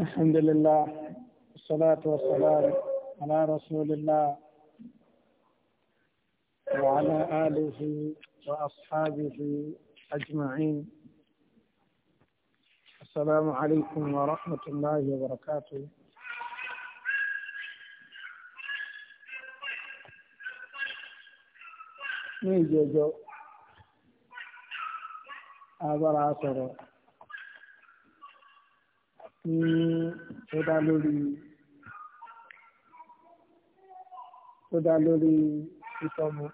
الحمد لله والصلاة والسلام على رسول الله وعلى آله وأصحابه أجمعين السلام عليكم ورحمة الله وبركاته ميجي جو أبرا سرور ní ó dá lórí ó dá lórí ìtọ́mu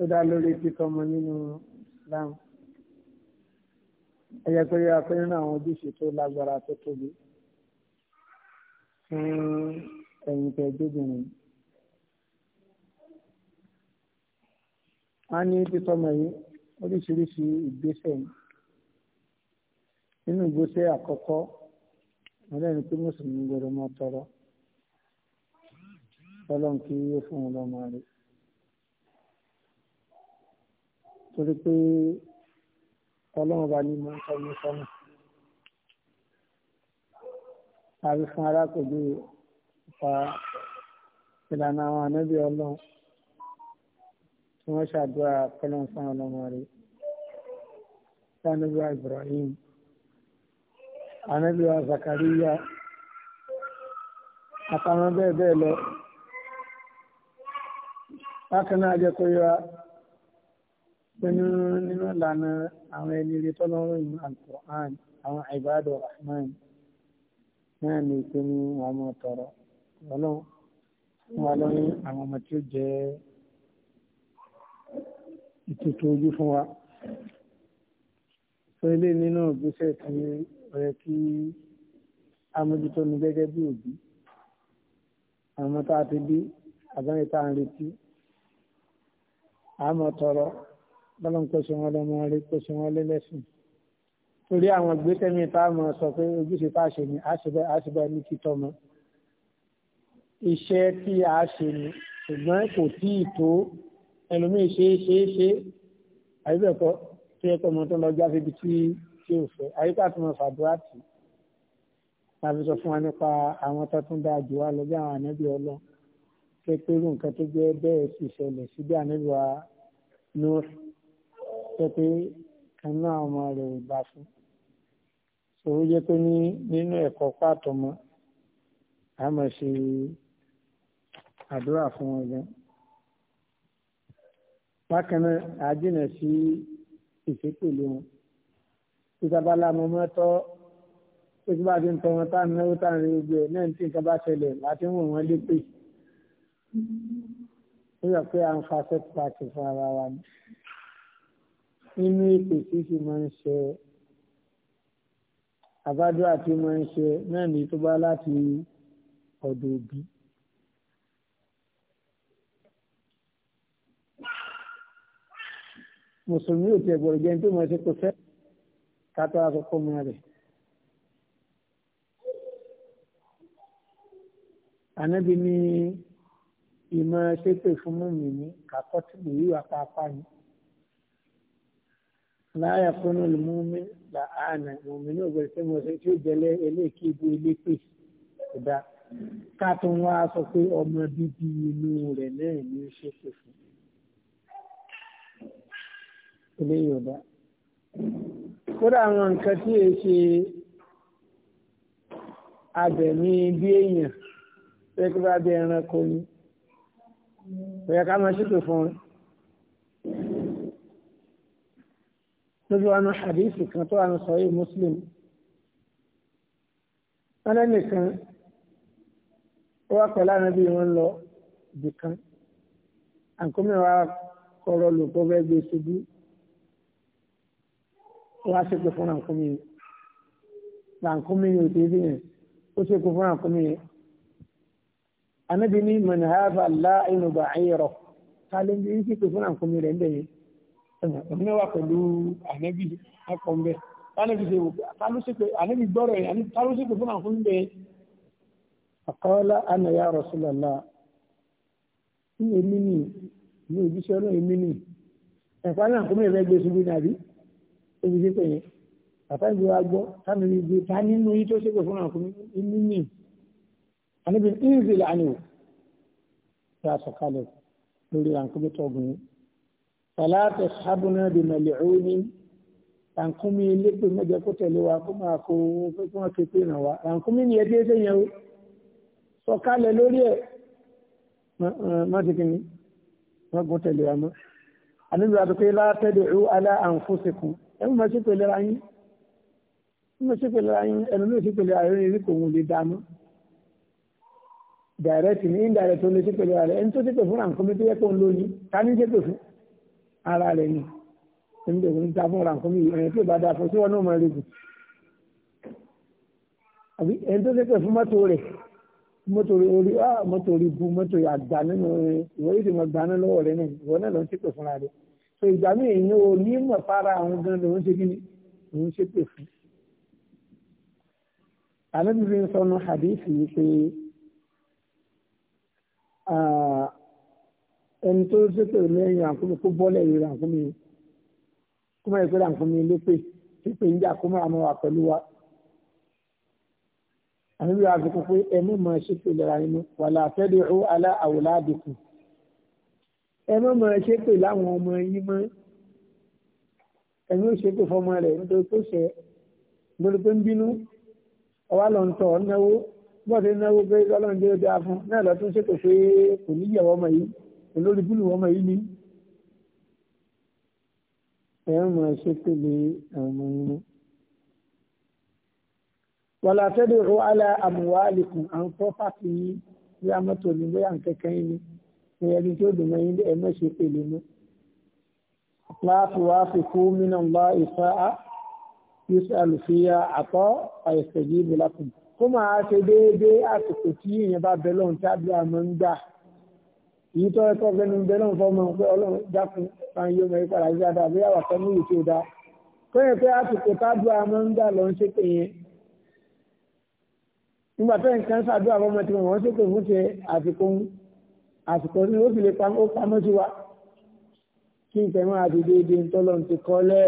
ó dá lórí títọ́mu nínú Islam ẹ̀yẹ pé yóò pé nínú àwọn ojúṣe tó lágbára tó tóbi fún ẹ̀yìn tẹ̀gbẹ́bìnrin. a ní títọ́mọ yìí oríṣiríṣi ìgbésẹ̀ ni nínú ìgbésẹ̀ àkọ́kọ́ ọlọ́run pé mùsùlùmí gbọdọ̀ máa tọrọ ọlọ́run kí yóò fún un lọ́mọ rẹ̀ torí pé ọlọ́run bá ní mọ́ ń tọ́jú sọ́nà àbí fún arákòjú pa ìlànà àwọn ànábì ọlọ́run tí wọ́n ṣàdúrà kọ́lọ́n fún ọlọ́mọ rẹ̀ sanabi wa ibrahim anabi wa zakariya àtàwọn bẹ́ẹ̀ bẹ́ẹ̀ lọ bákan náà jẹ́ kó yọra pẹ̀lú nínú ìlànà àwọn ẹni rí tọ́lọ́rùn ìlú alkur'an àwọn ibadu rahman náà ní ìpín ní wọn mọ̀ tọrọ ọlọ́run wọn lọ́rin àwọn ọmọ tí ó jẹ́ ìtòtò ojú fún wa sọ ilé nínú ìgbésẹ̀ tí ó yẹ kí amójútó ni gẹ́gẹ́ bí òbí àwọn tá a ti bí àbáyé tá a ń retí àmọ́ tọrọ bọ́lá ń kóso wọn lọ́mọ rí kóso wọn lé lẹ́sìn torí àwọn ìgbésẹ̀ mi tá a mọ̀ sọ pé ojúṣe tá a ṣe ni a ṣe bá ní títọ́ mọ́ iṣẹ́ tí a ṣe ni ṣùgbọ́n kò tí ì tó ẹlòmíì ṣe é ṣe é ṣe àyíbẹ̀kọ́ yẹ kọ́ ọmọ tó ń lọ jáde ibi tí tí ò fẹ́ àyíká tó mọ fàdúrà tì láti sọ fún wa nípa àwọn tó tún dáa jù wá lọ bí àwọn ànábì ọlọ́run pé pé irú nǹkan tó jẹ́ bẹ́ẹ̀ sì ṣẹlẹ̀ sí bí ànábì wa Nuh pé pé kan náà ọmọ rẹ̀ ò gbà fún òun jẹ́ pé ní nínú ẹ̀kọ́ pàtó mọ́ a máa ṣe àdúrà fún wọn gan bákan náà a sí ìṣépèlé wọn ìsabala mo mọ́ tọ́ ojú bá ti ń tọ́ wọn tá à ń náwó tá à ń rí gbogbo ẹ̀ náà tí nǹkan bá ṣẹlẹ̀ láti ń wò wọ́n lépè ó yọ pé à ń fa set party fún ara wa ni nínú èpè tí sì máa ń ṣe àbájọ àti máa ń ṣe náà ní tó bá láti ọ̀dọ̀ òbí. mùsùlùmí ò tiẹ̀ gbọ́dọ̀ jẹun tó mọ̀ ṣe kò fẹ́ kátó aṣọ kó mọ rẹ̀. ànábi ní ìmọ̀ ṣépè fún mọ́mì ní kàkọ́tì lè yíwà pàápàá ni. láyà fún olùmúmi là áànà mọ̀mí ní ògbẹ́rẹ́ pé mo ṣe tí ó jẹlé eléèké ibu elépè kódà ká tó wá sọ pé ọmọ bíbí inú rẹ̀ náà ní ṣépè fún un eléyìí ò dá kódà àwọn nǹkan tí èyí ṣe abẹ̀mí bí èèyàn pé kí bá bí ẹranko ni bóyá ká máa ṣètò fún un lójú wa ní hadith kan tó wà ní sọ̀rọ̀ Muslim wọn lẹ́nìkan ó wá pẹ̀lú àwọn ẹbí wọn lọ ibìkan àǹkómi wa kọ̀rọ̀ lò kó fẹ́ gbé ṣubú wá ṣépè fún ràǹkúmí yìí ràǹkúmí yìí ò ti rí yẹn ó ṣépè fún ràǹkúmí yìí. Ànábì ní mọ̀nàhàbà láìnù bá ayẹ̀rọ̀ ta ló ń bí ṣépè fún ràǹkúmí rẹ̀ ń bẹ̀ yẹn. Ẹ̀mí wa pẹ̀lú ànábì akọ̀ ń bẹ̀. Ànábì ṣe wò ta ló ṣépè ànábì gbọ́rọ̀ yẹn ta ló ṣépè fún ràǹkúmí bẹ̀ yẹn. Àkọ́lá àná ya Rasulullah. Ní èmi nì, ní òjíṣẹ́ ọlọ́run èmi nì. Ẹ̀fọ́ ebi ṣe pé yẹn bàbá ìgbé wa gbọ́ táwọn ibi ìgbé ta nínú yìí tó ṣépè fún àkùnrin inú mi àníbi ìrìnsì lànà ò ṣe àṣọkalẹ̀ lórí àǹkóbi tọ́gùn yìí. Fàlàtà sábùnà di màlìcúni àǹkómi lépè mẹ́jọ kó tẹ̀lé wa kó máa kó kó máa képe ràn wá. Àǹkómi ni ẹbí ẹsẹ̀ yẹn o. Sọ̀kalẹ̀ lórí ẹ̀ má ti kìíní. Wọ́n gún tẹ̀lé wa mọ́. Àníbi àdókòyè látẹ̀dẹ̀ ọ́ alá àǹfóṣekùn ẹ̀rù máa ṣe pẹ̀lẹ́ ra yín máa ṣe pẹ̀lẹ́ ra yín ẹnu ló ṣe pẹ̀lẹ́ ra yín rí kò wọ́n lè dáná direct ni indirect ló ṣe pẹ̀lẹ́ ra ẹni tó ṣe pẹ̀ fún ràǹkọ́mí tó yẹ kó ń lóyún ká ní ṣe pẹ̀ fún ara rẹ̀ ni ẹni tó ń ta fún ràǹkọ́mí ẹni tó bá da fún sí wọn náà máa rẹ̀gùn àbí ẹni ah, bu mọ́tò àgbà nínú ìwọ́n yìí ti mọ̀ gbà náà lọ́wọ́ rẹ̀ náà ìwọ ìgbà míì ìyẹn ò ní mọ̀ para àwọn gan lòún ṣe kíni òun ṣe pè fún. àlejò fi ń sọnu hadithi yìí pé ẹni tó ṣe pé lẹ́yìn àkúmi kó bọ́ lẹ́yìn àkúmi kó mọ̀ ìpínlẹ̀ àkúmi lépè pípé ń jà kó àmọ́ wa pẹ̀lú wa àníbi àfikún pé ẹni mọ̀ ṣe pé lẹ́ra nínú wàlà àfẹ́dẹ̀ ó alá àwòlá àdìkù ẹ má máa ṣépè láwọn ọmọ yín mọ́ ẹ̀mí ò ṣépè fọmọ rẹ̀ nítorí tó ṣẹ nítorí pé ń bínú ọwá lọ ń tọ̀ náwó bọ́ọ̀dé náwó pé ọlọ́run dé dáa fún náà lọ tún ṣètò pé kò ní yẹ̀wọ́ ọmọ yìí olórí búlù ọmọ yìí ni ẹ máa ṣépè lé àwọn ọmọ yín mọ́ wàlá tẹ́lẹ̀ ọ́ alá àmúwá àlèkùn àwọn pọ́pátì yìí bí a mọ́tò ní bóyá nkẹ́kẹ́ yín ni ní ẹni tó dùn mọ́ ilé ẹ̀mọ́ ṣe pèlè mọ́. láti wá fi kú mínà ń bá ìfẹ́ á yíṣẹ́ àlùfíà àtọ́ àìsẹ̀jì ìbùlákùn. kó máa ṣe déédéé àsìkò tí ìyẹn bá bẹ lọ́hùn tábí àmọ́ ń gbà. èyí tó ẹ̀kọ́ fẹ́nu bẹ fọ́mọ pé ọlọ́run dákun máa ń yọ fọ́mọ tí wọ́n ṣépè fún ṣe àfikún àsìkò ní ó fi lè pamọ́ sí wa kí n tẹ̀wọ́n àti déédéé ntọ́lọ́ ti kọ́ lẹ́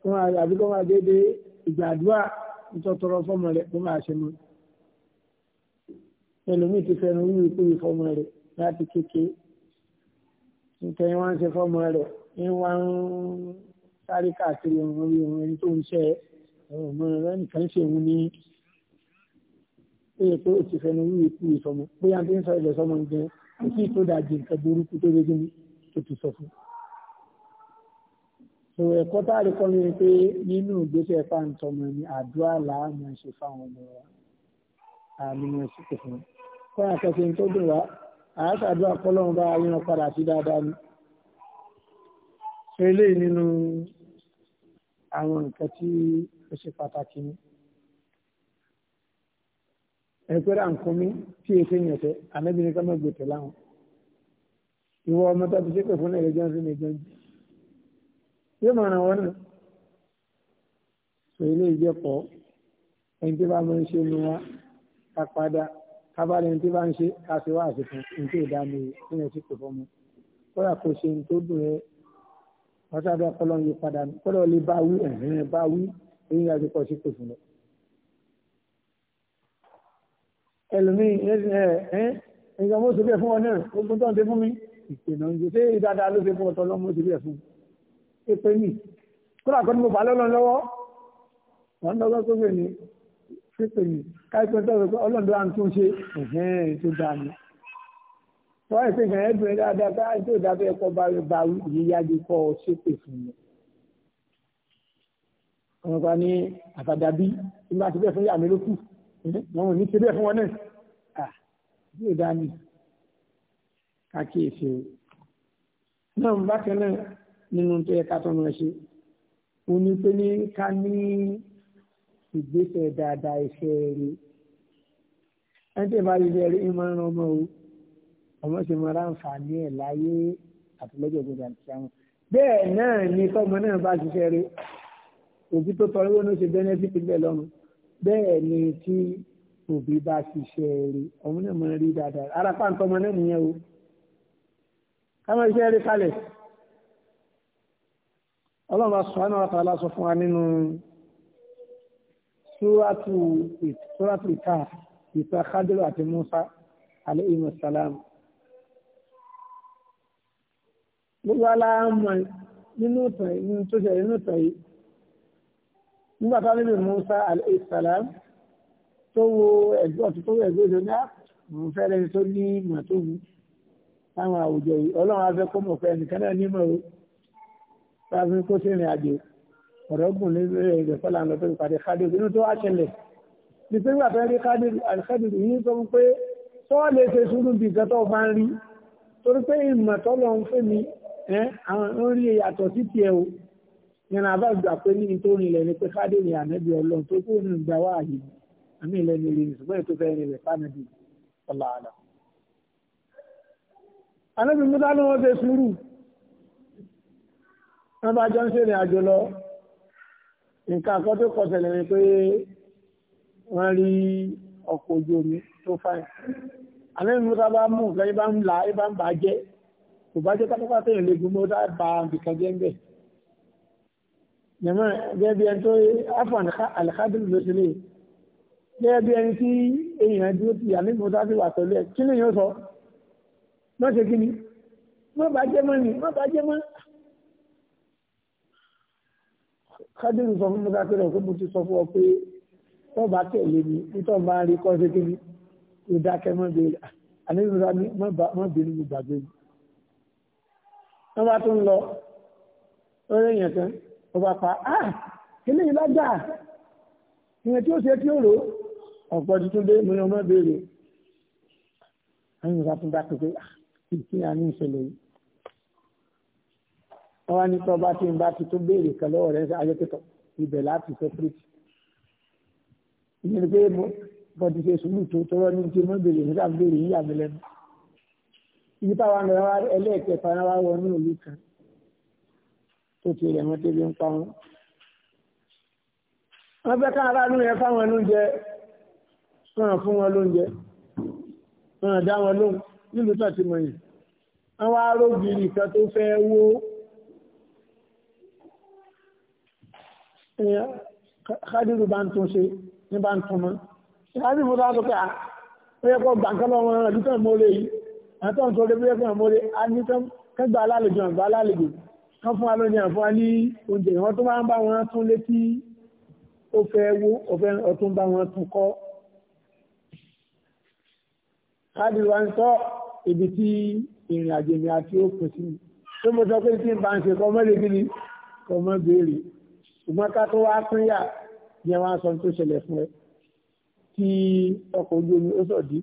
kó máa àbí kó máa déédéé ìgbàdúrà ntọ́tọ́rọ fọ́mọ rẹ̀ kó máa ṣe mọ́. ẹlòmíì ti fẹnu wíwí kú yìí fọ́mọ rẹ̀ láti kékeré ntẹ̀yìn wá ń ṣe fọ́mọ rẹ̀ ń wá ń sáré káàkiri ọ̀hún rí ọ̀hún ẹni tó ń ṣe ọ̀hún rẹ̀ nìkan ṣe òun ní ó yẹ pé ti fẹnu wíwí kú yìí fọ́mọ kò sí tó dàjì nǹkan burúkú tó gbégbé ní tó ti sọ fún. so ẹ̀kọ́ tá a lè kọ́ mi ni pé nínú ìgbésẹ̀ fáǹtọ́mọ ni àdúrà làámú ẹ̀ṣẹ̀ fáwọn ọmọ wa àmì wọn sì kò fún un. kọ́ àkẹ́sẹ̀ tó dùn wá àásàdúrà kọ́lọ́run bá yíran padà sí dáadáa ni. eléyìí nínú àwọn nǹkan tí ó ṣe pàtàkì ni ẹ̀pẹ́rẹ́ àǹkómi tí èsè yẹn tẹ ànábìnrin ká má gbètè láwọn ìwọ ọmọ tó ti ṣe pẹ̀ fún ẹ̀rẹ́ jọ́nsìn ní jọ́nsìn yóò máa ràn wọ́n náà sọ ilé ìjẹ́pọ̀ ẹni tí bá máa ń ṣe nu wa ká padà ká bá lẹni tí bá ń ṣe ká ṣe wá àṣepọ̀ ní tí ò dá mi ní ẹ̀ tí kò fọ́ mu kódà kò ṣe ní tó dùn ẹ́ wọ́n sábẹ́ ọpọlọ yìí padà kódà ó lè bá wí ẹ̀hìn bá wí èyí àti pọ̀ sí pè fún lọ. ẹlòmíì ẹ ẹ nǹkan mo ṣe bẹ́ẹ̀ fún ọ náà ogun tó ń ṣe fún mi ìpènà ń ṣe ṣé dáadáa ló ṣe fún ọtọ lọ́mọ ṣe bẹ́ẹ̀ fún ṣé pé mi kúrò àkọ́ni mo bà lọ́lọ́ lọ́wọ́ wọ́n lọ́gọ́ tó fẹ́ mi ṣé pé mi káyipẹ́ tó rẹ̀ pé ọlọ́dọ̀ à ń tún ṣe ẹ̀hẹ́n tó dáa ni wọ́n yẹ pé nǹkan ẹ̀ dùn ẹ́ dáadáa bá tó dábẹ́ ẹ̀kọ́ bá rẹ̀ bá kọ́ ọ fún mi ọmọkùnrin wọn ò ní ṣe bẹ́ẹ̀ fún wọn náà bí ìdá ni kákíyèsí o náà bákan náà nínú tó yẹ ká tọ́nu ẹ ṣe o ní pé ní ká ní ìgbésẹ̀ dáadáa iṣẹ́ rere ẹni tí ìbá rí máa ń ọmọ o ọmọ sì máa ráǹfààní ẹ̀ láyé àtìlẹ́jọ́ gbọdọ̀ àti àwọn bẹ́ẹ̀ náà ni tọ́mọ náà bá ṣiṣẹ́ rí òbí tó tọrọ owó ó ṣe bẹ́nẹ́fìtì bẹ́ẹ̀ lọ́rùn bẹ́ẹ̀ ni tí òbí bá ṣiṣẹ́ rí ọmọ náà máa rí dáadáa ara pàǹtọ́ ọmọ náà nìyẹn o ká máa ṣiṣẹ́ rí kalẹ̀ ọlọ́run subhanahu wa ta'ala sọ fún wa nínú súrátù ìta ìta kádìrò àti musa alayhimu salam gbogbo aláàmọ̀ nínú ìtàn yìí nígbà tá nílùú Musa alayhisalam tó wo ẹgbẹ́ ọ̀tún tó wọ ẹgbẹ́ ìlú náà ah, mo fẹ́ lẹ́ni tó ní ìmọ̀ tó wù táwọn àwùjọ yìí ọlọ́run afẹ́ kó mọ̀ pé ẹnìkan náà nímọ̀ o táwọn kó sí ìrìn àjò ọ̀rọ̀ gùn lórí ẹ̀rọ fọ́lá ń lọ tó ìpàdé kádé inú tó wá ṣẹlẹ̀ ní pé nígbà tó ń rí kádé alikádé yìí sọ pé tọ́wọ́ lè ṣe sùúrù bí nǹkan tó bá ń rí torí pé ìmọ̀ tọ́lọ́ ń nínú abájọ pé níbi tó rìnlẹ̀ ni pé káde ní ànábì ọlọ́run tó kúrò nínú ìgbà wáá yìí àmì ìlẹ́nu ìrìn ìṣùgbọ́n ètò fẹ́ rìnlẹ̀ fánàbì ọ̀làlà. ànábì Mùsá ni wọ́n ṣe sùúrù wọ́n bá jọ ń ṣèrìn àjò lọ nǹkan kan tó kọsẹ̀lẹ̀ ni pé wọ́n rí ọkọ̀ ojú omi tó fáyìn ànábì Mùsá bá mú nǹkan ibà ń là ibà ń bàjẹ́ kò bá jẹ́ pátápátá jẹ̀mọ́ gẹ́gẹ́ bí ẹni tó afọ àlẹ́kádùn ló ṣe lè gẹ́gẹ́ bí ẹni tí èèyàn dúró ti yà nígbà tó fi wà pẹ̀lú ẹ̀ kí ni yóò sọ má ṣe kí ni má bàá jẹ́ mọ́ ni má bàá jẹ́ mọ́. kádùn sọ fún mọ́tà pé ọ̀pẹ́ mo ti sọ fún ọ pé tó bá tẹ̀lé mi nítorí bá ń rí kọ́ ṣe kí ni kò dákẹ́ mọ́ bẹ́ẹ̀ àníbùsà ni má bínú mi gbàgbé mi. wọ́n bá tún lọ ó rẹ̀ kan ọba pa á kíní ìlọ́jà ìwọ̀n tí ó ṣe tí ó rò ọ̀pọ̀ tuntun dé mo ní ọmọ béèrè àwọn ìwà tó bá tó pé ìpín ah, àní ìṣẹ̀lẹ̀ yìí wọ́n wá ní tí ọba tí ń bá ti tó béèrè kan lọ́wọ́ rẹ̀ ayọ́kẹ́tọ̀ ibẹ̀ láti sẹ́kúrìtì ìyẹn pé bọ́dí ṣe sùúrù tó tọrọ ní ti mọ́ béèrè nígbà béèrè yíyà mi lẹ́nu ibi táwọn ẹlẹ́ẹ̀kẹfà náà wá wọnú òlù kan tó ti rẹ̀ mọ́ tẹ́bí ń pa wọn. wọ́n fẹ́ káàrá ló yẹ fáwọn lóúnjẹ wọ́n fún wọn lóúnjẹ wọ́n dá wọn lóhùn nílùú tó ti mọ̀ yìí. wọ́n wá rógìrì kan tó fẹ́ wó kádìrú bá ń tún ṣe ní bá ń tún mọ́. kádìrú bá ń tún pé à ó yẹ kó gbàǹkan lọ́wọ́ àdúgbò mọ́lẹ̀ yìí àtọ́ǹtò lè bí yẹ kó mọ́lẹ̀ á ní kẹ́gbà alálejò àgbà alálejò kan fún wa lónìí àfọwá ní oúnjẹ ìwọ́n tó máa ń bá wọn tún létí ó fẹ́ wó ọ̀fẹ́ ọ̀tún bá wọn tún kọ́. káàdì wa ń sọ ibi tí ìrìn àjò mi àti òkun sí tó mo sọ pé tí n bá ń ṣe kọ́ mọ́lẹ̀ kí ni kọ́ mọ́ béèrè ṣùgbọ́n ká tó wá pín yà ni wọn á sọ tó ṣẹlẹ̀ fún ẹ tí ọkọ̀ ojú omi ó sọ̀dí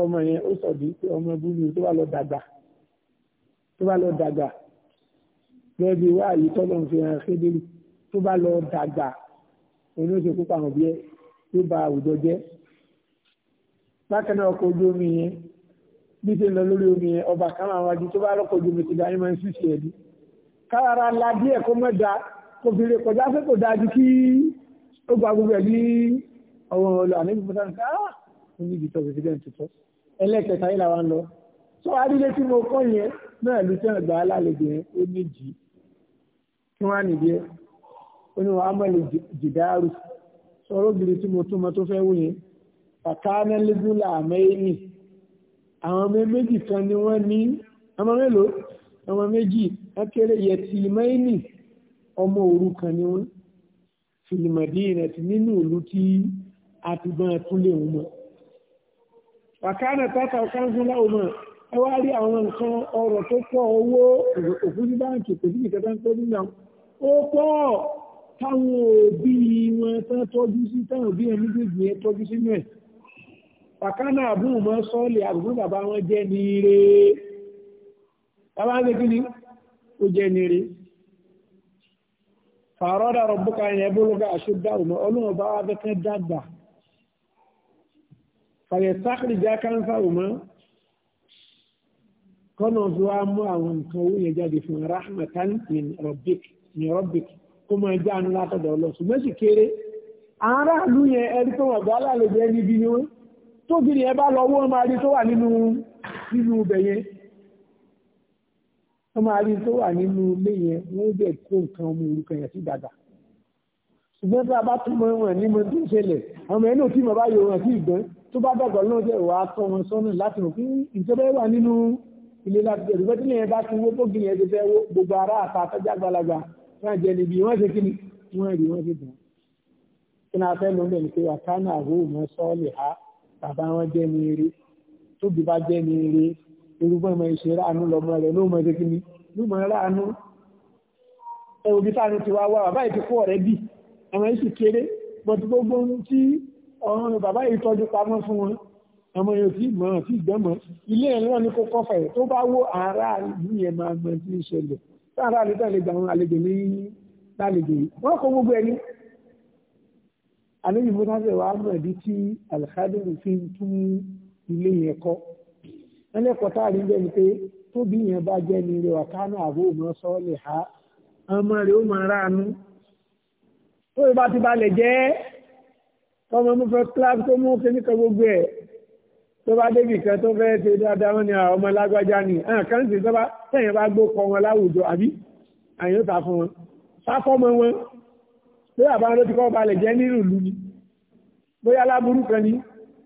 ọmọ yẹn ó sọ̀dí pé ọmọ ẹbí mi tó bá lọ dàgbà tó bá lọ dàgbà gẹ́gẹ́ bí wá àyè tọ́lọ̀ ń fi hàn Khidri tó bá lọ dàgbà òun ó ṣe kópa hàn bí ẹ yóò ba àwùjọ jẹ́ bákan náà ọkọ̀ ojú omi yẹn bí ṣe ń lọ lórí omi yẹn ọba kan àwọn adi tó bá lọ́kọ̀ ojú omi ti dá máa ń ṣíṣe ẹ̀ bí kára la díẹ̀ kó mọ́ da kò fi lè kọjá pé kò dájú kí ó gba gbogbo ẹ̀ ní ọwọ́ ọlọ́ àníbi fún sáà ah ó ní ìdìtọ̀ president tó ẹlẹ́kẹta yìí làwọn lọ sọ adílé tí mo kọ́ yẹn náà ló tẹ́ alálejò yẹn ó ní kí wọ́n á nìdí ẹ̀ ó ní wọ́n á mọ̀lẹ̀ jìdáàrú sọ̀rọ̀ gidi tí mo túmọ̀ tó fẹ́ wù kàkánà lébúlà àmẹ́yìnì àwọn ọmọ méjì kan ni wọ́n ní ọmọ mélòó ọmọ méjì akéré yẹtì mẹ́yìnì ọmọ òrukàn ni wọ́n fìlìmọ̀dínà ti nínú ìlú tí a ti gbọ́n túnlé wọn mọ́ wàkánà tata ọ̀kánfúnlá ọmọ ẹ wá rí àwọn nǹkan ọrọ̀ tó pọ̀ owó òfúrú báńkì kò sí ìkẹta ń pẹ́ nínú àwọn ó pọ̀ obi wọn sí táwọn òbí ẹni gbègbè yẹn tọ́jú sínú ẹ̀ pàkánà bàbá wọn jẹ ní bàbá ń kí ni ó jẹ́ ní ire fàárọ́dà rọ̀bùkà yẹn bólúgà àṣùdá òmò ọlọ́run bá wà fẹ́ dàgbà fàyẹ̀ kọ́nà ọ̀sùn wa mú àwọn nǹkan owó yẹn jáde fún rahmatan min rabbik min rabbik kó máa já àánú látọ̀dọ̀ ọlọ́run ṣùgbọ́n sì kéré aráàlú yẹn ẹni tó wọ̀n bá lálejò ẹni bí ni wọ́n tóbi ni ẹ bá lọ wọ́n máa rí tó wà nínú nínú ibẹ̀ yẹn wọ́n máa rí tó wà nínú ilé yẹn wọ́n bẹ̀ kó nǹkan ọmọ orúkọ yẹn sí dàgbà ṣùgbọ́n tí a bá tún mọ wọn ní mo tó ń ṣẹlẹ̀ ọmọ ẹni òtí mọ̀ bá yọ wọn sí ìgbọ́n tó bá dàgbà lọ́jọ́ ìwà akọ wọn sọ́nà láti rò pé ìjọba wà nínú ilé láti jẹ́ ìrùgbẹ́ tí lè bá ti wó bógi yẹn ti fẹ́ wó gbogbo ara àta àtọ́jà gbalagbà wọ́n jẹ níbi wọ́n ṣe kí ni wọ́n rí wọ́n ṣe dùn. kí ni a fẹ́ lóun bẹ̀rẹ̀ pé àkánà àhóhùn sọ́ọ̀lì ha bàbá wọn jẹ́ ní eré tóbi bá jẹ́ ní eré irúgbọ́n ọmọ ìṣe ráàánú lọ́mọ rẹ̀ ló mọ ṣe kí ni ló mọ ráàánú. ẹ òbí ti wá wá bàbá yìí ti kó ọ̀rẹ́ bì ọmọ yìí sì kéré bọ̀dù àmọ́ yóò fi mọ̀ àti ìgbọ́mọ̀ ilé ẹ̀rọ ní kó kọ́fà ẹ̀ tó bá wó ara ìlú yẹn máa mọ tí ń ṣẹlẹ̀ sára àlejò àlejò àwọn àlejò ní lálejò yìí wọ́n kó gbogbo ẹni. àlejò fún sáfẹ́ wa mọ̀ ẹ̀dí tí alhadiru fi ń tún ilé yẹn kọ́. ẹlẹ́kọ̀ọ́ tá a rí bẹ́ẹ̀ ni pé tóbi yẹn bá jẹ́ ni rẹ̀ wà kánú àbó mọ́ sọ́ọ̀lì ha ọmọ rẹ̀ ó máa ránu. tó ìbá ti balẹ̀ jẹ́ tọmọ mo fẹ́ kíláàsì tó mú kíníkà gbogbo ẹ̀ tó bá débi kan tó fẹ́ ṣe dáadáa wọn ni àwọn ah, ọmọ lágbájá ni àwọn ah, kan sì tó bá tẹ̀yìn bá gbó kọ wọn láwùjọ àbí àyàn ta fún wọn sáfọ́mọ wọn pé àbá wọn ló ti kọ́ balẹ̀ jẹ́ nínú ìlú ni bóyá láburú kan ni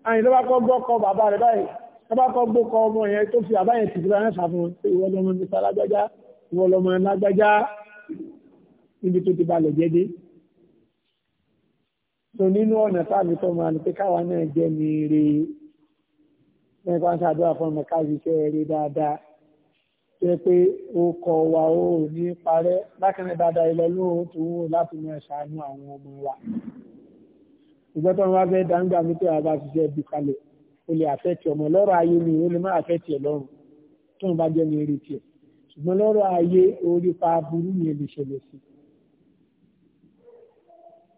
àyìn tó bá kọ́ gbọ́ kọ bàbá rẹ̀ báyìí tó bá kọ́ gbó kọ ọmọ yẹn tó fi àbá yẹn tìtìlá náà sáfún wọn pé ìwọ lọmọ mi sá lágbájá ìwọ lọmọ lágbájá níbi tó ti balẹ̀ jẹ́ dé so nínú ọ̀nà táàbí tó máa ní pé káwa náà jẹ́ ní rèé bẹ́ẹ̀ bá ń ṣàdúrà fún ọmọ ká ṣiṣẹ́ rí dáadáa jẹ́ pé ó kọ wa ó ní parẹ́ bákan náà dáadáa ilẹ̀ lóhùn tó wù láti mọ ṣàánú àwọn ọmọ wa. ìgbọ́n tó ń wá bẹ́ẹ̀ dáńgbà mi tó àbá ṣiṣẹ́ bí kalẹ̀ ó lè àfẹ́tì ọmọ lọ́rọ̀ ayé mi ó lè má àfẹ́tì ẹ̀ lọ́rùn tó ń bá jẹ́ mi rí tiẹ̀ ṣùgbọ́n lọ́rọ̀ ayé orí pa burú yẹn lè ṣẹlẹ̀ sí.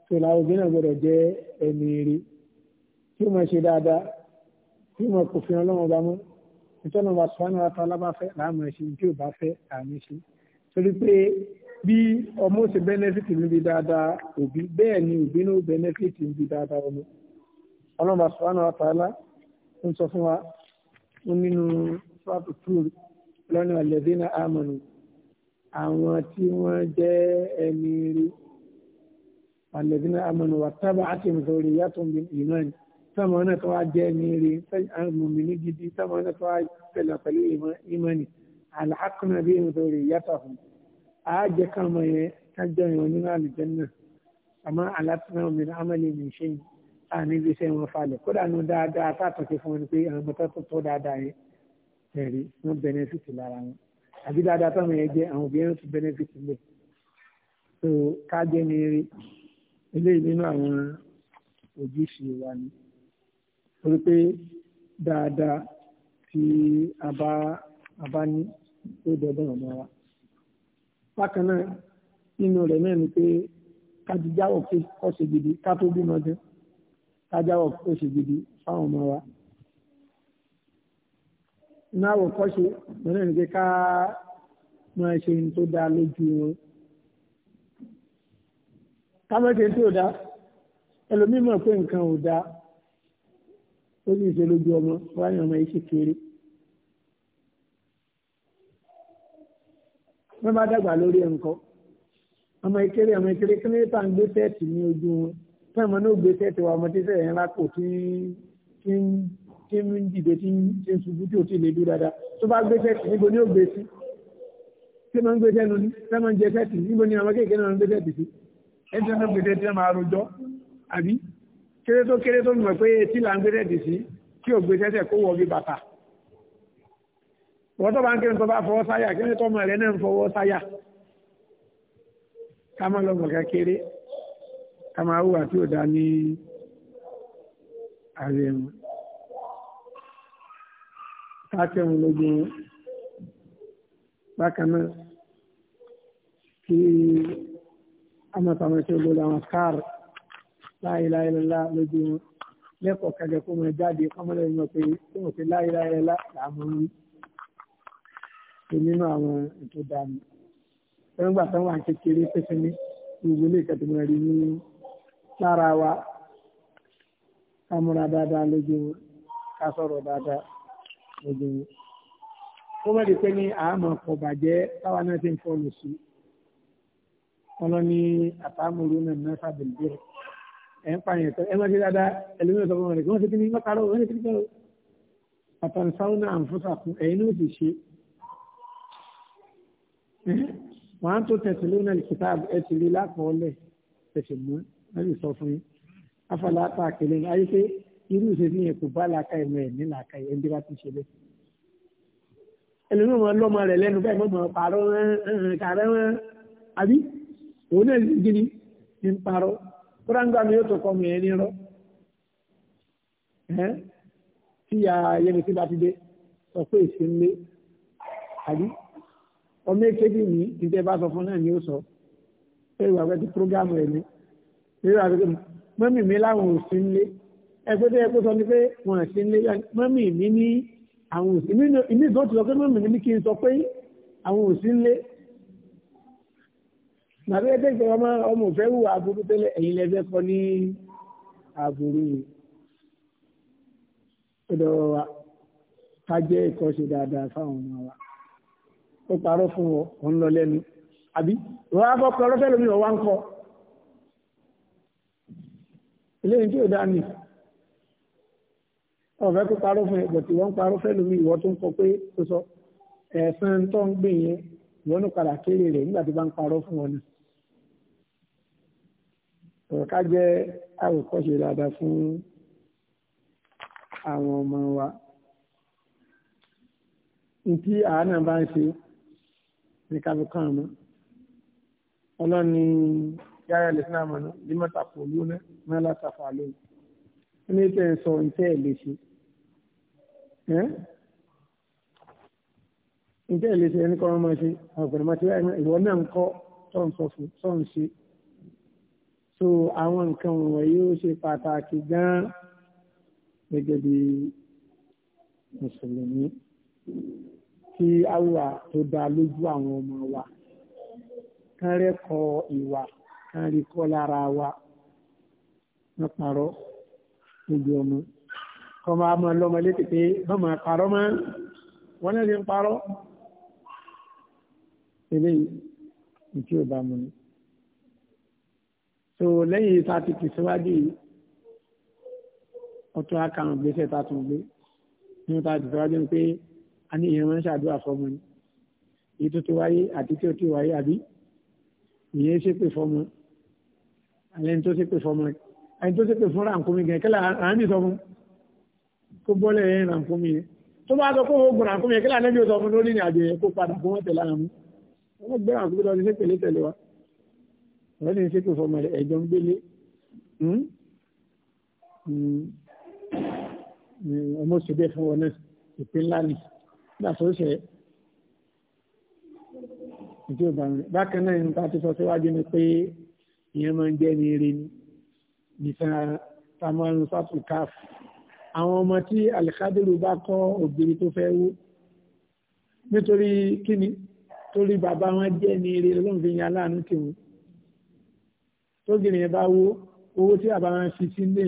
tòlà òbí náà gbọ́dọ̀ jẹ́ ẹni rí tí ó mọ̀ ṣe dáadáa tí mo kò fi ọlọ́run ọba mọ́ nítorí ọba sọ́nà àti alábàáfẹ́ làámọ̀ ẹ̀ṣin tí ò bá fẹ́ àmì ṣe torí pé bí ọmọ ṣe bẹ́nẹ́fìtì níbi dáadáa òbí bẹ́ẹ̀ ni òbí náà bẹ́nẹ́fìtì níbi dáadáa ọmọ ọlọ́run ọba sọ́nà àti alá ń sọ fún wa nínú sọ́ọ̀tù túrú lọ́nà ọ̀lẹ́dínà àmọ̀nù àwọn tí wọ́n jẹ́ ẹni rí ọ̀lẹ́dínà àmọ̀nù wà tábà àti ìmùsọ̀rọ̀ ìyá tó ń bí ìmọ̀ ni sọmọ náà tó wá jẹ́ ní rí mùmí ní gidi sọmọ náà tó wá tẹ̀lé pẹ̀lú ìmọ̀ni àlàákùnà bí ìrìn tó rí yàtọ̀ fún àájẹ kàmọ yẹn kájọ ìwọn nínú àlùjànnà àmọ́ àlàtúnà omi ní amẹ́lẹ̀ mi ṣe yìí a ní ibi iṣẹ́ wọn falẹ̀ kódà nu dáadáa sátọ̀kì fún wọn pé àwọn mọ́tò tó tọ́ dáadáa yẹn ẹ̀rí wọn bẹnẹfìtì lára wọn àbí dáadáa táwọn yẹn jẹ àwọn obìnrin tó bẹnẹfìtì lẹ̀ so kájẹ́ ní rí eléyìí nínú àwọn ojúṣe wa ni torí pé dáadáa tí a bá a bá ní ó dọ̀dọ̀ ọ̀nà wa. bákan náà nínú rẹ̀ náà ni pé kájú jáwọ̀ pé ó ṣe gidi ká tó bímọ dín kájáwọ̀ pé ó ṣe gidi fáwọn ọmọ wa. iná àwòkọ́ ṣe lọ́nà ní pé ká máa ṣe ohun tó dáa lójú wọn. ká má ṣe ohun tí ò dáa ẹlòmíì pé nǹkan ò dáa ó ní ìṣe lójú ọmọ wáyé ọmọ yìí ṣe kéré. wọ́n bá dàgbà lórí ẹ̀ǹkọ́ ọmọ ìkéré ọmọ ìkéré kí ní tá à ń gbé tẹ́ẹ̀tì ní ojú wọn fún ọmọ náà gbé tẹ́ẹ̀tì wa ọmọ tẹ́sẹ̀ yẹn lápò tí ń dìde tí ń ṣubú tí ò tí ì lè dúró dáadáa tó bá gbé tẹ́ẹ̀tì níbo ni ó gbé sí tí wọ́n ń gbé sẹ́nu ní tí wọ́n ń jẹ tẹ́ẹ̀tì níbo ni ọmọ kéèké náà ń gbé tẹ́ẹ̀tì sí ẹni tí wọ́n gbé tẹ́ẹ̀tì náà máa rojọ́ àbí kéré tó kéré tó mọ̀ pé etí là ń gbé rẹ̀dì sí kí ò gbé sẹ́sẹ̀ kó wọ bí bàtà wọ́n tó bá ń kéré tó bá fọwọ́ sáyà kéré tó mọ̀ rẹ̀ náà ń fọwọ́ sáyà ká má lọ mọ̀ kékeré ká máa hùwà tí ò ní ààrẹ wọn káàkiri lójú wọn bákan náà kí amọ̀tàmọ̀tì olóòlù àwọn skáàrù láìláìlá lójú wọn lẹ́kọ̀ọ́ kẹjọ kó máa jáde kọ́mọ́lẹ́ mọ̀ pé kó mọ̀ pé láìláìlá làmú rí ṣe nínú àwọn ètò dànù. ẹ̀rọ gbà tán wà ń kékeré pèsè ní gbogbo ilé ìkẹtùmọ̀ rí ní lára wa ká dáadáa lójú wọn ká dáadáa lójú wọn. kó mọ̀ di pé ní àmọ̀ kò bàjẹ́ táwa náà ti ń fọ́ lù sí. ọlọ́ni àtàmúrú náà náà sábẹ̀ bẹ́ẹ̀ ẹ̀ ń pààyàn tán ẹ má ṣe dáadáa ẹlòmíràn sọ fún ni mọ́kàrọ̀ wọ́n ṣe kí ni kọ́ àtàn sáúnà àǹfọ́sà fún ẹ̀yin náà sì ṣe. wọ́n á tó tẹ̀sí lónà ìkìtà ẹ̀ ti lé lápọ̀ọ́lẹ̀ tẹ̀sí mọ́ lórí sọ fún yín afọlá apá àkèlè ayé pé irú ìṣesí yẹn kò bá làákà ìmọ̀ ẹ̀ nílà àkà ẹ̀ ń bí wá ti ṣe bẹ́ẹ̀ ẹlòmíràn máa lọ́mọ rẹ̀ lẹ́nu bẹ́ẹ̀ mọ́mọ́ pààrọ̀ kàrẹ́ wọn àbí òun náà gidi ń kúráńgá mi yóò tó kọ́ mi ẹ̀ nírọ́ tí ya yẹni tí bá ti dé sọ pé ìsinmi àbí ọmọ èkéde mi ìjẹ́ bá sọ fún náà ni ó sọ pé ìwà pẹ́ ti prógámù ẹ̀ ní ìwà pẹ́ ti mọ́mì mi láwọn ò sí nílé ẹgbẹ́ tó yẹ kó sọ ni pé wọ́n sí nílé mọ́mì mi ní àwọn ò ìmí ìdó ti sọ pé mọ́mì mi ní kí n sọ pé àwọn ò sí nílé màbí ẹ tẹsẹ ọmọ ọmọ òfẹ wù aburú tẹ́lẹ̀ ẹ̀yin lẹ fẹ́ kọ ní aburú yìí ó dọwọ wa ká jẹ ìkọ́ṣe dáadáa fáwọn ọmọ wa ó parọ́ fún ọ ọ ń lọ lẹ́nu àbí wọn á fọ kọrọ fẹlẹ mi ọ wá ń kọ eléyìí tí ò dá nì ọ̀fẹ́ kó parọ́ fún ẹ bọ̀tí wọ́n parọ́ fẹ́ lómi ìwọ tó ń kọ pé ó sọ ẹ̀sán tó ń gbìn yẹn ní padà kéré rẹ̀ nígbà tó bá ń parọ́ fún ọ náà ọ̀rọ̀ ká jẹ́ àwòkọ́ṣe dáadáa fún àwọn ọmọ wa ntí àánà bá ń ṣe ní ká fi kọ́ àmọ́ ọlọ́ni yára lè fún àmọ́ náà bí mọ́ta kò lú náà máa látàfà lóyún ó ní tẹ̀ sọ ní ẹ̀ lè ṣe ní ẹ̀ lè ṣe ẹni kọ́ ọmọ ṣe àwọn ọ̀gbọ̀n ìwọ náà ń kọ́ tó ń sọ fún tó ń ṣe so àwọn nǹkan wọ̀nyí ó ṣe pàtàkì gan gẹ́gẹ́ bí mùsùlùmí kí àwà tó dá lójú àwọn ọmọ wa kán rẹ́kọ̀ọ́ ìwà kán rí kọ́ lára wa wọ́n parọ́ níbi ọmọ kọ́ máa mọ lọ́mọ létí wọ́n máa parọ́ mọ́ wọ́n lè parọ́ eléyìí tí ò so lẹ́yìn tá a ti tẹ̀síwájú yìí ọ̀tún akàrùn gbèsè tá a tún gbé nínú tá a tẹ̀síwájú ni pé a ní ìyẹn wọn ń ṣàdúrà fọmọ ni èyí tó ti wáyé àti tí ó ti wáyé àbí ìyẹn ṣépè fọmọ àlẹ́ ní tó ṣépè fọmọ ẹni tó ṣépè fún ràǹkómi gẹ̀ kí làánì sọ fún kó bọ́lẹ̀ yẹn ràǹkómi yẹn tó bá sọ fún ogun ràǹkómi yẹn kí làánì bí ó sọ fún lórí ìrìn àjò yẹn kó padà fún wọn tẹ̀lé àwọn mú wọn gbé ràǹkómi lọ sí wa lọ́dún ní ṣékò fọmọ rẹ̀ ẹ̀jọ́ ń gbélé hmm? Hmm. Hmm, ọmọ òṣèlú fún wọn náà ìpín ńlá ni nígbà tó ṣe ìdí ò bá ń rẹ̀ bákan náà nípa ti sọ síwájú ni pé ìyẹn máa ń jẹ́ ní eré nìkan tamọ́rin sátún káf àwọn ọmọ tí alikadiru bá kọ́ ògiri tó fẹ́ wú nítorí kíni torí bàbá wọn jẹ́ ní eré lọ́nà fi yan aláàánú tì wọ́n tóbìnrin yẹn bá wó owó tí àbá máa ń fi sílé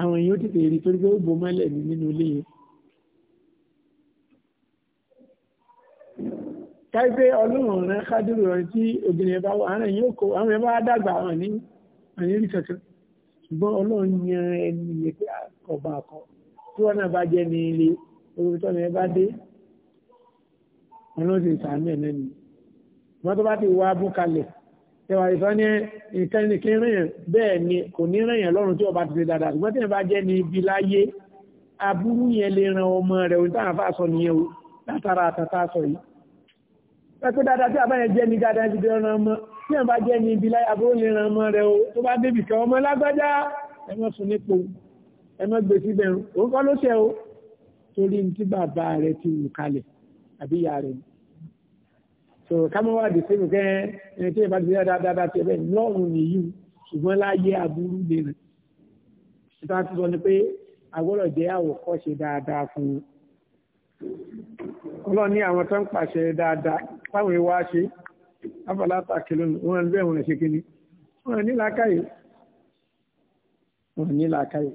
àwọn èèyàn ó tètè rí torí pé ó bò mọ́lẹ̀ nínú ilé yẹn. káyipé ọlọ́run rẹ kádùrù rẹ tí obìnrin yẹn bá wọ àwọn èèyàn kò àwọn èèyàn bá dàgbà àwọn ní àwọn èèyàn kankan ṣùgbọ́n ọlọ́run yan ẹni yẹn pé àkọ́bà kọ́ tí wọ́n náà bá jẹ́ ní ilé owó tó ní bá dé ọlọ́run ti sàánú ẹ̀ náà nìyí wọ́n tó bá ti wá bú kalẹ̀ ẹwà ìfẹ́ nǹkan ní kí rìn bẹ́ẹ̀ ni kò ní rìn yẹn lọ́rùn tí ọba ti ṣe dáadáa ṣùgbọ́n tí ẹ bá jẹ́ ní ibi láyé aburú yẹn lè ran ọmọ rẹ̀ òun táwọn afá sọ nìyẹn o látara àtàtà sọ yìí. pẹ́pẹ́ dáadáa tí àbáyẹn jẹ́ ní dáadáa ti di ọ̀nà ọmọ tí ẹ bá jẹ́ ní ibi láyé aburú lè ran ọmọ rẹ̀ o tó bá débi kẹ́ ọmọ lágbájá ẹ mọ́ sùn nípò ẹ mọ́ gbé síbẹ̀ òun kọ́ ló ṣe so kámọ́ wà dé sínú kẹ́ ẹni tí ìbá ti rí dáadáa ti ẹ̀bẹ̀ lọ́rùn nìyí ṣùgbọ́n láyé aburú dènà ìta ti sọ ni pé agbọ́dọ̀ jẹ́ àwòkọ́ṣe dáadáa fún un ọlọ́run ní àwọn tó ń pàṣẹ dáadáa táwọn ìwà ṣe afọláta kìlónù wọn bẹ́ẹ̀ wọn ṣe kíni wọn ní làákàyè wọn ní làákàyè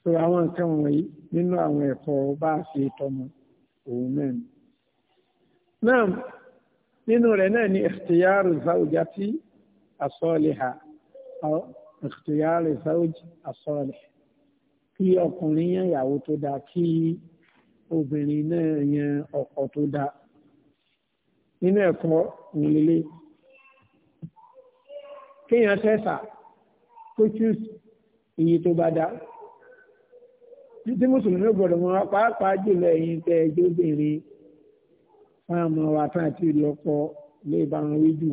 so àwọn nǹkan wọ̀nyí nínú àwọn ẹ̀kọ́ bá ṣe tọmọ òun mẹ́rin náà nínú rẹ̀ náà ni ìkìtìyàrù záwùjá tí àsọ́ọ̀lẹ̀ ha ìkìtìyàrù záwùjá àsọ́ọ̀lẹ̀ kí ọkùnrin yẹn ìyàwó tó dáa kí obìnrin náà yẹn ọkọ tó dáa nínú ẹ̀kọ́ nílé kéèyàn tẹ́sà kó choose iye tó bá dáa títí mùsùlùmí gbọ́dọ̀ mọ́ pàápàá jùlọ ẹ̀yin tẹ́ ẹjọ́ obìnrin wọn àmọ́ wa tán àti ìlú ọkọ ilé ìbámu wíjù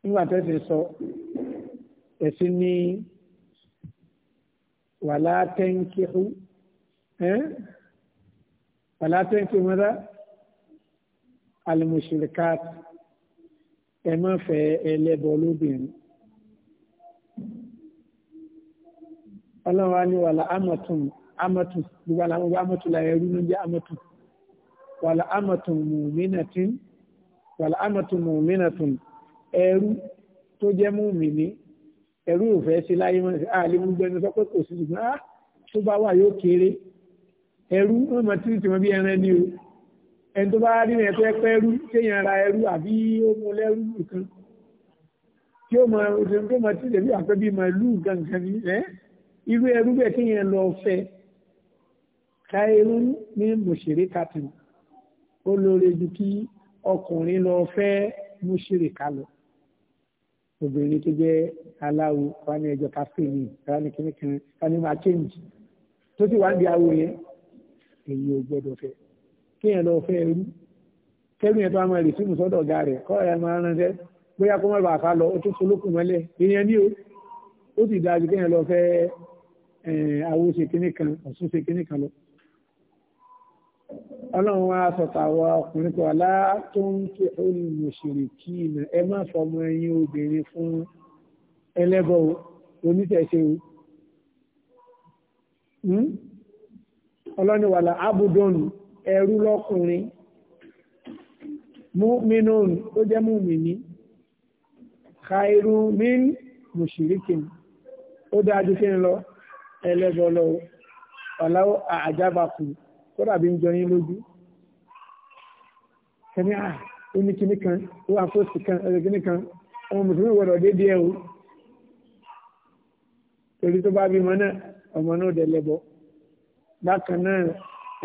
nígbà tẹ́sí sọ ẹ̀sìn ní wàlá tẹ́ńkìhù wàlá tẹ́ńkìhù mọ́tà alimushirikat ẹ má fẹ́ ẹlẹ́bọ lóbìnrin. ọlọ́run wa ní wàlá amọ̀tún amọ̀tún gbogbo àwọn amọ̀tún la ẹrú ló ń amọ̀tún wàlá amatun mùmínàtún wàlá amatun mùmínàtún ẹrú tó jẹ́ mùmíní ẹrú ò fẹ́ ṣe láyé wọn ṣe àlè mú gbẹnu sọ pé kò sí ṣùgbọ́n á ah, tó bá wà yóò kéré ẹrú wọn mọ títí tí wọn bí ẹran ni o ẹni tó bá rí rẹ pé pẹ́rú kéèyàn ra ẹrú àbí ó mú lẹ́rú nìkan tí ó mọ ọdún tó mọ títí tẹ̀lé àpẹ́ bí màálù gangan ni ẹ́ irú ẹrú bẹ́ẹ̀ kéèyàn lọ fẹ́ káyérún ní mòṣèré kàtìmù ó lóore ju kí ọkùnrin lọ fẹ́ múṣírìkà lọ obìnrin tó jẹ́ aláwo wà ní ẹjọ́ káfíìnì wà ní kìnnìkan wà ní máa change tó sì wá ń di awo yẹn èyí ò gbọ́dọ̀ fẹ́ kéèyàn lọ fẹ́ rú kẹ́rù yẹn tó máa rè sínú sọ́dọ̀ ọ̀gá rẹ̀ kọ́ ẹ̀ máa ránṣẹ́ bóyá kó má bàa sá lọ ó tún solókùn mọ́lẹ̀ èèyàn ní o ó sì dáa kéèyàn lọ fẹ́ awo ṣe kìnnìkan ọ̀sùn ṣe kìnnìkan lọ ọlọ́run wa sọ̀tà wa ọkùnrin kan lá tó ń ké olùmọ̀ṣirikina ẹ má fọmọ ẹyin obìnrin fún ẹlẹ́bọ onítẹ̀ṣe o hmm? ọlọ́ni wàlà abudon ẹrú lọ́kùnrin mu'minun tó jẹ́ mu'mini khairu min mushrikin ó dájú kí n lọ ẹlẹ́bọ lọ wàláwọ́ àjábàkùn kódà bí ń jọ yín lójú kẹ́ni à ah, ó ní kíní kan ó wà fóòsì kan ẹ̀rọ kíní kan ọmọ mùsùlùmí gbọdọ̀ dédé ẹ̀ o torí tó bá bímọ náà ọmọ náà dẹ̀ lẹ́bọ bákan náà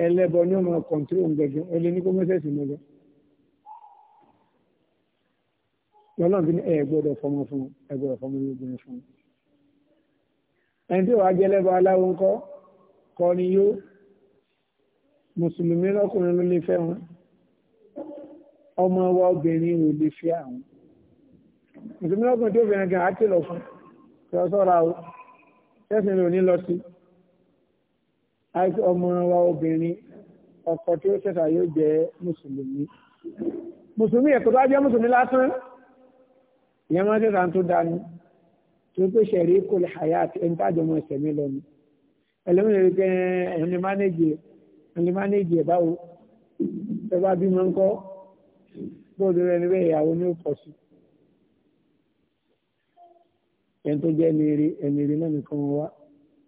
ẹlẹ́bọ ní ọmọ kọ̀ǹtírò ń gẹ̀gẹ̀ lé ní kó mọ́sẹ̀sì mọ́jọ́ lọ́lọ́run fi ẹ gbọ́dọ̀ fọmọ fún ẹ gbọ́dọ̀ fọmọ lóbìnrin fún ẹni tí wàá jẹ́ lẹ́bọ aláwo ńkọ́ kọ́ ni yóò mùsùlùmí lọ́kùnrin ló lè fẹ́ wọn ọmọ wa obìnrin ò lè fẹ́ àwọn mùsùlùmí lọ́kùnrin tí obìnrin gan àti lọ fún lọ sọ́ra o tẹ́sán ló ní lọ sí ọmọ wa obìnrin ọkọ tí ó ṣẹ̀ṣà yóò jẹ́ mùsùlùmí mùsùlùmí ẹ̀kọ́ bá jẹ́ mùsùlùmí lásán ìyẹn máa ń tó dání tó pé ṣẹ̀rí kò lè hayat ẹni tájọmọ ìṣẹ̀mí lọ ni ẹlẹ́mìnira pé ẹni mánéjì rẹ̀ ẹni mánéèjì ẹ̀ báwo ẹ bá bímọ ńkọ́ bóòdù rẹ níbẹ̀ ìyàwó ní òpọ̀ sí. ẹni tó jẹ́ ẹni eré ẹni eré náà nìkan wá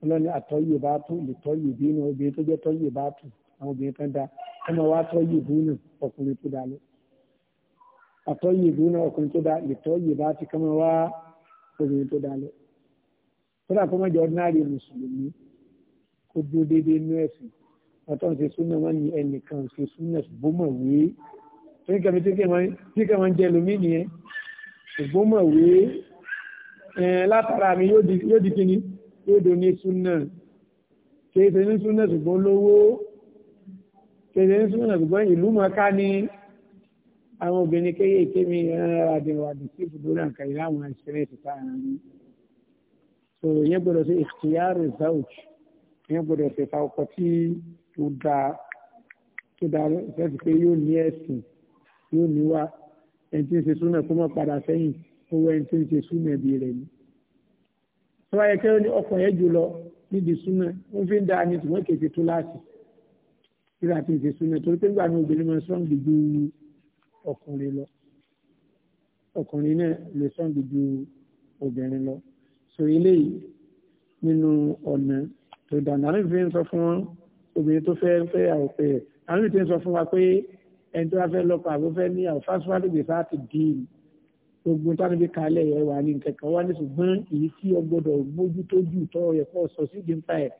ọlọ́ni àtọ́yè bá tù lè tọ́yè bí náà obìnrin tó jẹ́ tọ́yè bá tù àwọn obìnrin kan dá ọmọ wa tọ́yè bú náà ọkùnrin tó dá lọ. àtọ́yè bú náà ọkùnrin tó dá lè tọ́yè bá ti kọ́mọ wá obìnrin tó dá lọ. kódà kọ́mọ́jọ ordinary mùsùlùmí kó dúró déédéé nú ẹ̀sìn ọ̀tọ́ ń ṣe súnà wọ́n ní ẹnìkan ṣe súnà ṣùgbọ́mọ̀ wé tí kẹ́mi tí kẹ́ máa ń jẹ́ lómi nìyẹn ṣùgbọ́mọ̀ wé látara mi yóò di kíni yóò do ní súnà kéèṣe ní súnà ṣùgbọ́n lówó kéèṣe ní súnà ṣùgbọ́n ìlú mọ̀ọ́ká ní àwọn obìnrin kéye kémi àdìwàdì sí ibùdó so ìyẹn gbọ́dọ̀ sí ìkìyàrò ìsáwùjì ìyẹn gbọ́dọ̀ sí tó dáa tó dáa fẹ́ẹ́ pé yóò ní ẹ̀sìn yóò níwá ẹni tí ń ṣe súnmọ̀ kó mọ̀ padà sẹ́yìn owó ẹni tí ń ṣe súnmọ̀ bí rẹ̀ ni. sọ́wọ́ yẹ kẹ́rọ ní ọkàn yẹn jù lọ níbi súnmọ̀ ó fi ń dáa ní tùmọ̀ kéde tó láti nígbà tí ń ṣe súnmọ̀ torí pé nígbà ní obìnrin máa ń sọ́n gbìgbì ọkùnrin lọ ọkùnrin náà lè sọ́n gbìgbì obìnrin lọ. sọ eléyìí nínú ọ̀nà tó dànù obìnrin tó fẹ́ fẹ́ àwòpẹ́ rẹ̀ àwọn ìbí tí ń sọ fún wa pé ẹni tó bá fẹ́ lọ́kọ àbó fẹ́ ní àwọn fásitì gbèsè àti dín gbogbo táwọn ibi kalẹ̀ ẹ̀ wà ní kẹ̀kẹ́ wá ní ṣùgbọ́n èyí tí ọ gbọ́dọ̀ mójútó jù tọ́ ẹ̀ sọ sí ìdíńpá ẹ̀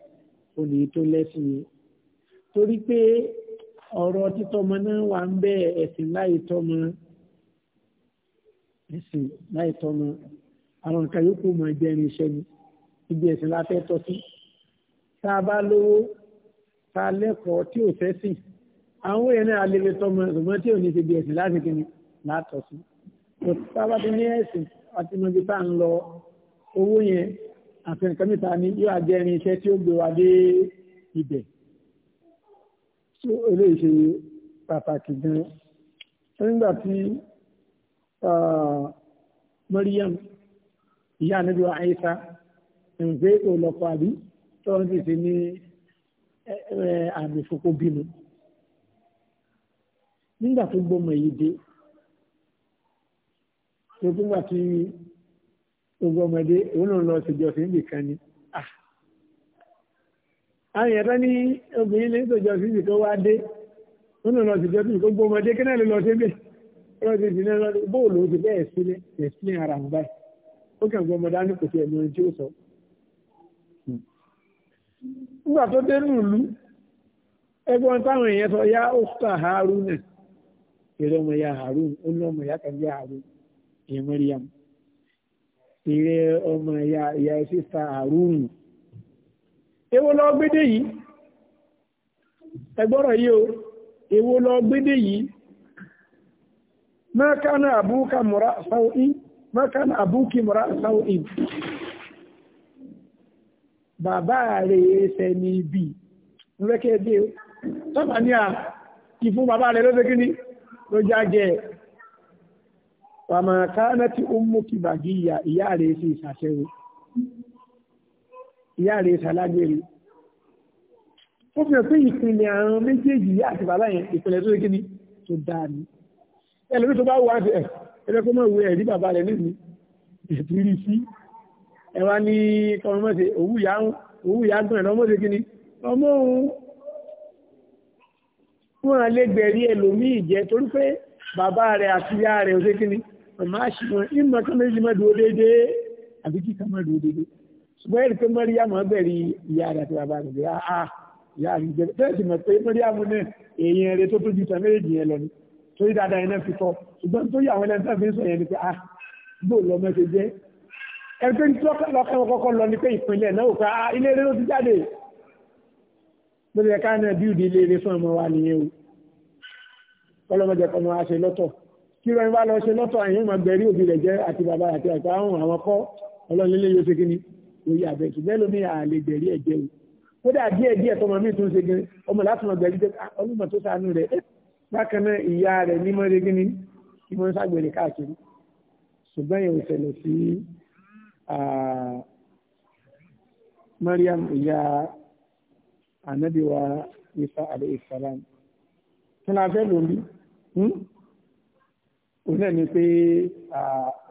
ò ní tó lẹ́sìn yẹn torí pé ọ̀rọ̀ títọ́mọ náà wà ń bẹ́ ẹ̀sìn láì tọ́mọ ẹ̀sìn láì tọ́mọ àwọn nǹkan yòókù mọ̀ jẹ́ irinṣẹ́ ni ibi ẹ̀sìn la fẹ́ tọ́ sí tá a bá lówó ta lẹ́kọ̀ọ́ tí ò sẹ́sìn àwọn èèyàn náà lè tọmọ ṣùgbọ́n tí ò ní ti di ẹ̀sìn láti kíni látọ̀ sí tọ́ba tó ní ẹ̀sìn àti mọ̀bí tá ń lọ owó yẹn àti nǹkan ni yóò àjẹ́ irin iṣẹ́ tí ó gbé wa dé ibẹ̀ tí eléyìí ṣe pàtàkì gan nígbà tí Maryam ìyá níbi wa àyíká ǹgbé òlọ́pàá àbí tọ́rọ́ ti ní àmì ìfòkó bínú nígbà tó mọ̀ yìí dé tó gbọmọ tí gbogbo ọmọdé òun náà lọ ṣèjọsìn nìkan ni ah! àwọn ẹ̀rọ ní obìnrin lè ń ṣèjọsìn nìkan wá dé òun náà lọ ṣèjọsìn nìkan gbogbo ọmọdé kí náà lè lọ síbẹ̀ ọlọ́dẹ ti náà lọ́dẹ bóòlù ti bẹ́ẹ̀ sílẹ̀ ẹ̀sìn ara ń báyìí ó á ní kò sí ẹ̀mí nígbà tó dé nùlú ẹgbọ́n táwọn èèyàn sọ yá òkúta haruna èrè ọmọ ya harun ya kan harun èèyàn mẹríam ọmọ ya ya sísá harun èwo lọ gbédè yìí ẹgbọ́rọ̀ yìí o èwo lọ gbédè yìí máa àbúkà mọ́ra i in àbúkì bàbá rẹ̀ ẹsẹ̀ ní ibi rẹ́kẹ́ dé o sábà ní à kí fún bàbá rẹ̀ lóde kíní ló jágẹ̀ wàmọ̀ káánà tí ó mú kí bàgí ìyá ìyá rẹ̀ sí ìsàṣẹ́wó ìyá rẹ̀ sàlágbèrè ó fi hàn pé ìpìlẹ̀ àrùn méjèèjì ìyá àti bàbá yẹn ìpìlẹ̀ tó kíní tó dáa ni ẹlòmí tó bá wà ẹ ẹlẹ́kọ́ mọ̀ wẹ ẹ̀rí bàbá rẹ̀ nínú ìtúrí sí ẹwà ní tọrọmọ́sẹ̀ òwú ìyá gbọ́n kí ni ọmọ òun wọ́n lè gbẹ̀rí ẹlòmíì jẹ́ torí pé bàbá rẹ̀ àti ìyá rẹ̀ òṣè kí ni ọmọ àṣìwọ̀n ìmọ̀ kan méjì má dúró déédéé àbí kí kan má dúró déédéé ṣùgbọ́n ẹ̀rí pé mọ́ríyá mọ́ bẹ̀rí ìyá rẹ̀ àti bàbá rẹ̀ àá ah, ah, ìyá rẹ̀ jẹ́ bẹ́ẹ̀ sì mọ̀ pé mọ́ríyá mọ́ náà èèyàn rẹ̀ tó tójú tán méjì yẹn lọ ni torí dáadáa yẹn náà fi kọ́ ṣùgbọ́n tó yà àwọn ẹlẹ́ńtà fi ń sọ yẹn ni ah, ẹgbẹ́ tí lọ́kàn ọkọ̀ lọ ní pé ìpínlẹ̀ náà ò ká ah, ilé eré ló ti jáde lórí ẹ̀ka náà bí ìdí ilé eré fún ọmọ wa nìyẹn o kọlọ́mọdé kan máa ṣe lọ́tọ̀ kí ló ń bá lọ ṣe lọ́tọ̀ àyàn máa gbẹ̀rí òbí rẹ̀ jẹ́ àti bàbá àti àgbà àwọn àwọn kọ́ ọlọ́nilé yóò ṣe kíni òye àbẹ̀tù bẹ́ẹ̀ lómi àlè gbẹ̀rí ẹ̀jẹ̀ o kódà díẹ̀ díẹ̀ tọmọ mi tún ṣe gan Maryam ìyá ànábì wa Isa alayhi salam a fẹ́ lò ní hmm? òun náà ni pé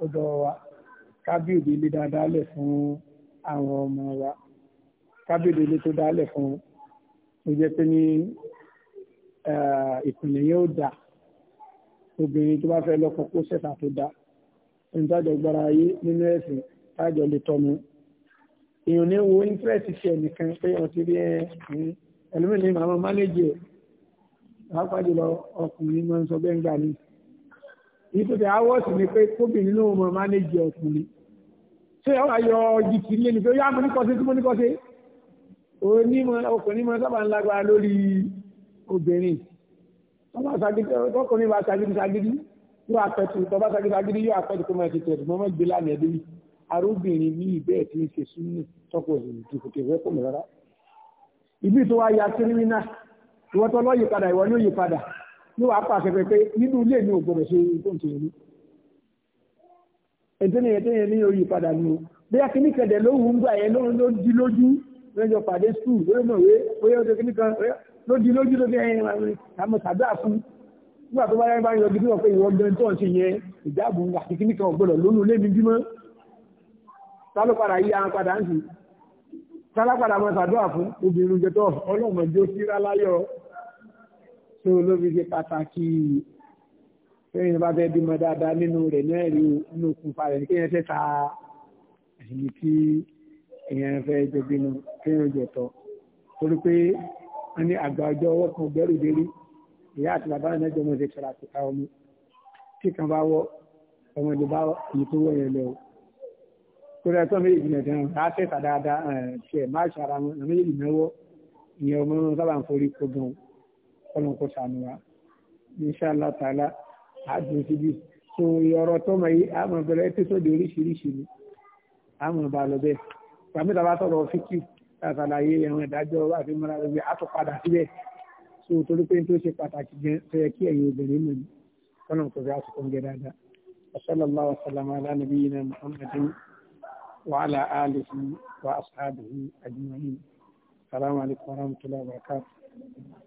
ọ̀dọ̀ wa kábíyèdè ilé dáadáa lẹ̀ fún àwọn ọmọ wa kábíyèdè ilé tó dáálẹ̀ fún wọn ó jẹ́ pé ní ìpìlẹ̀ yẹn ó dà obìnrin tó bá fẹ́ lọ́kọ kó ṣẹ̀ta tó dá ẹni gbára ayé nínú ẹ̀sìn tájọ lè tọ́nu èèyàn ní wo interest ti ẹnìkan pé ọtí rí ẹ ẹlòmíràn ní màmá mánéjì ẹ pàápàá jùlọ ọkùnrin máa ń sọ bẹ́ẹ̀ ń gbà ní. èyí tó ti awọ́sì ni pé kóbìnrin náà mọ mánéjì ọkùnrin ṣé ọ ayọ jìkì ní ẹni pé yá mo ní kọ́sí tí mo ní kọ́sí onímọ̀ ọkùnrin máa sábà ń lágbára lórí obìnrin wọ́n máa ọkùnrin máa ṣàgídí ṣàgídí yóò apẹ̀tù tọ́ bá ṣàgídí yóò apẹ̀tù kó máa ṣe tẹ̀sùn mọ́mọ́ gbé lánàá débi arúbìnrin ní ìbẹ́ẹ̀ tí ń ṣe súnmù tọ́pọ̀ ìdìkòkè wẹ́pọ̀ mọ́ rárá ìbí tó wá ya kírímínà ìwọ́n tó lọ́ọ́ yípadà ìwọ́n ló yípadà ní wàá pàṣẹ pé nínú ilé mi ò gbọdọ̀ ṣe tó ń tẹ̀lé ẹ̀tẹ́nìyẹ tẹ́yẹ ní orí ìpadà ní o bí a kìíní kẹ̀dẹ̀ lóhun gbà ẹ lóhun ló di lójú lẹ́jọ pàdé skul lórí mọ̀ wé oyè ọdẹ kìíní kan ló di lójú ló fi ẹyẹ àmọ́ tàbí àfún nígbà tó bá yára bá yọjú bí wọ́n pé ìwọ gan tó ń ṣe yẹ ìdáàbò àti kìíní kan ọ̀gbọ́dọ̀ lónú lé mi bímọ tálọ́padà yí àwọn padà ń sì tálápadà mọ́ sàdúrà fún obìnrin jẹtọ́ ọlọ́mọdé ó síra láyọ̀ tó lóbi ṣe pàtàkì fẹ́yìn bá fẹ́ bímọ dáadáa nínú rẹ̀ náà rí inú òkúnfà rẹ̀ kéèyàn fẹ́ ta èyí tí èèyàn fẹ́ jọ bínú kéèyàn jẹtọ́ torí pé a ní àgbà ọjọ́ ọwọ́ kan gbẹ́rù délé ìyá àti bàbá náà jọmọ ṣe ṣàràkìta ọmọ tí kan bá wọ ọmọdé bá èyí tó wọ̀ yẹn lẹ́wọ̀ torí ẹ̀tọ́ méjì náà jẹun àtẹ́sà dáadáa ṣe má ṣara wọn àwọn méjì náwó ìyẹn ọmọ náà sábà ń forí kó gan ọlọ́run kó sànù wa inṣàlá tààlà àdùn síbi tó ọ̀rọ̀ tọ́mọ yìí àmọ̀ bẹ̀rẹ̀ ẹ́písọ́dì oríṣiríṣi ni àmọ̀ bá lọ bẹ́ẹ̀ pàmíta bá sọ̀rọ̀ fíkì àtàlàyé ẹ̀wọ̀n ìdájọ́ àfi múra gbogbo àtúpadà síbẹ̀ tó torí pé tó ṣe pàtàkì gan tó yẹ kí ẹ̀yin obìnrin mọ̀ ní ọlọ́run kó fi àsìkò ń gẹ dáadáa. وصلى الله وسلم على نبينا محمد وعلى آله وأصحابه أجمعين السلام عليكم ورحمة الله وبركاته